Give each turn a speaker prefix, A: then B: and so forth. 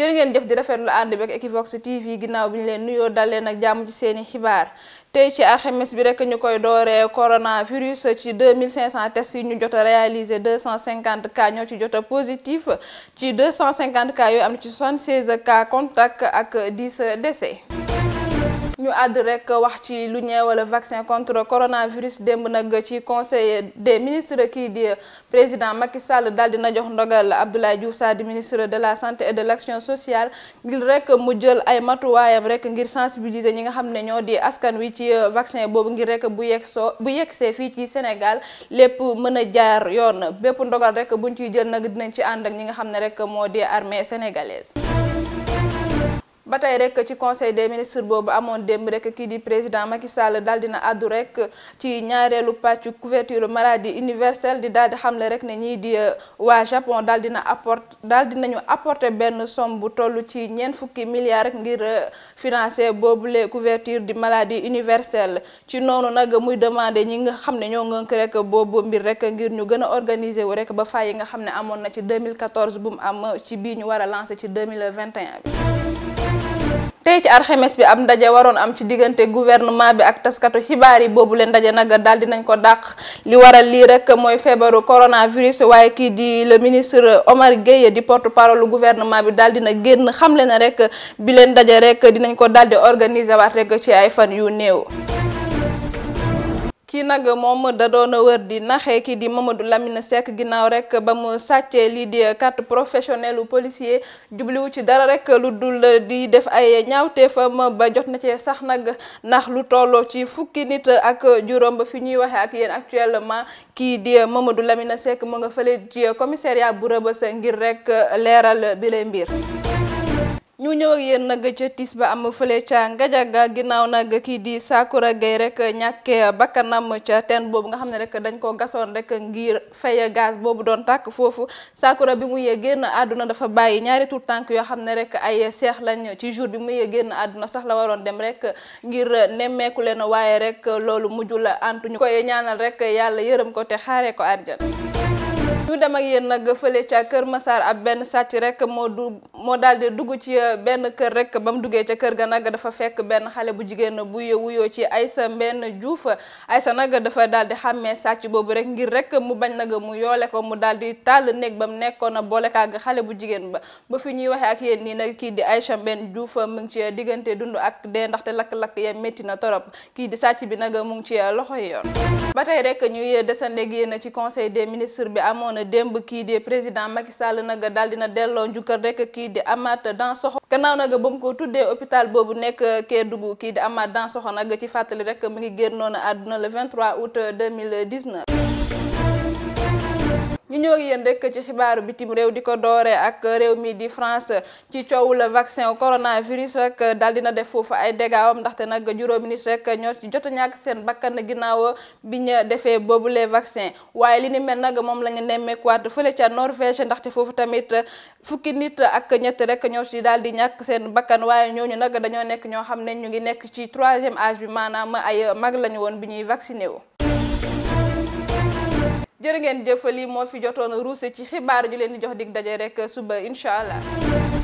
A: jërë ngeen jëf di rafetlu ànd bi ak Equivox TV ginnaaw bi ñu leen nuyoo dal leen ak jàmm ci seeni xibaar tey ci alxames bi rek ñu koy dooree coronavirus ci 2500 tests yi ñu jot a réalisé 250 cas ñoo ci jot a positif ci 250 cas yooyu am na ci 76 cas contact ak 10 décès. ñu àdd rek wax ci lu ñeewal vaccin contre coronavirus démb nag ci conseil des ministre kii di président Macky Sall daal dina jox ndogal Abdoulaye Diouf Sarr di ministre de la santé et de l'action sociale ngir rek mu jël ay matuwaayam rek ngir sensibiliser ñi nga xam ne ñoo di askan wi ci euh, vaccin boobu ngir rek bu yegg soo bu yeggsee fii ci Sénégal lépp mën a jaar yoon bépp ndogal rek buñ ci jël nag dinañ ci ànd ak ñi nga xam ne rek moo di armée sénégalaise ba tey rek ci conseil des ministres boobu amoon démb rek kii di président Macky Sall daal dina àddu rek ci ñaareelu pàccu couverture maladie universelle di daal di xamle rek ne ñii di euh, waa Japon daal dina apporte daal dinañu apporter benn somme bu toll ci ñeent fukki milliards rek ngir boobu euh, boobule couverture di maladie universelle ci noonu nag muy demande ñi nga xam ne ñoo ngënk rek boobu mbir rek ngir ñu gën a organiser wu rek ba fay yi nga xam ne amoon na ci 2014 bu mu am ci bii ñu war a lancer ci 2021 bi tey ci arxemes bi am ndaje waroon am ci diggante gouvernement bi ak taskatu xibaar yi boobu leen ndaje naga daal dinañ ko dàq li waral lii rek mooy feebaru coronavirus waaye kii di le ministre Omar Gueye di porte parole gouvernement bi daal dina génn xamle na rek bi leen ndaje rek dinañ ko daal organiser waat rek ci ay fan yu néew. kii nag moom da doon wër di naxee kii di Mamadou lamina Seck ginnaaw rek ba mu sàccee lii di carte professionnelle u policier jubliwu ci dara rek lu dul di def ay ñaawteefam ba jot na cee sax nag ndax lu tolloo ci fukki nit ak juróom ba fi ñuy waxee ak yéen actuellement kii di Mamadou Lamine Seck mu nga fële ci commissariat bu Rebeuss ngir rek leeral bi lay mbir ñu ñëw ak yéen nag ca tiis ba am fële ca Ngajaga ginnaaw nag kii di Saakura Gaye rek ñàkkee bakkanam ca teen boobu nga xam ne rek dañ ko gasoon rek ngir fay gaz boobu doon tàkk foofu Saakura bi mu yee génn àdduna dafa bàyyi ñaari tuut tànk yoo xam ne rek ay seex lañ ci jour bi mu génn àdduna sax la waroon dem rek ngir nemmeeku leen waaye rek loolu mujj la ant ñu koy ñaanal rek yàlla yërëm ko te xaaree ko àjjana ñu dem ak yéen nag fële ca Kër Massar ab benn sàcc rek moo du moo daal di dugg ci euh, benn kër rek ba mu duggee ca kër ga nag dafa fekk benn xale bu jigéen buy wuyoo ci Aysa Mbenn Juuf Aysa nag dafa daal di xàmmee sàcc boobu rek ngir rek mu bañ nag mu yoole ko mu daal di tàll néeg ba mu nekkoon boole kaag xale bu jigéen ba ba fi ñuy waxe ak yéen nii nag kii di Aysa Mbenn Juuf mu ngi ci diggante dund ak dee ndaxte lakk-lakk ya métti na torop kii di sàcc bi nag mu ngi ci loxo yoon ba tey rek ñuy desande ak yéen ci conseil de ministre bi amoon amoon démb kii di président Macky Sall nag daal dina delloo njukkal rek kii di Amath Dansokho gannaaw nag ba mu ko tuddee hôpital boobu nekk Kédougou kii di Amath soxo nag ci fàttali rek mu ngi génnoon àdduna le mille août 2019. ñoo ngi yéen rekk ci xibaaru bitim réew di ko doore ak réew mi di France ci coow la vaccin coronavirus rek daal dina def foofu ay dégâts ndaxte nag juróomi nit rek ñoo ci jot a ñàkk seen bakkan ginnaaw bi ñu defee boobu les vaccins waaye li ni mel nag moom lañu ñu nemmeekuwaat fële ca Norvège ndaxte foofu tamit fukki nit ak ñett rek ñoo ci daal di ñàkk seen bakkan waaye ñooñu nag dañoo nekk ñoo xam ne ñu ngi nekk ci troisième âge bi maanaam ay mag lañu woon ñuy vacciné wu. jërë ngeen jëfali moo fi jotoon ruuse ci xibaar ñu leen di jox dig daje rek suba incha allah.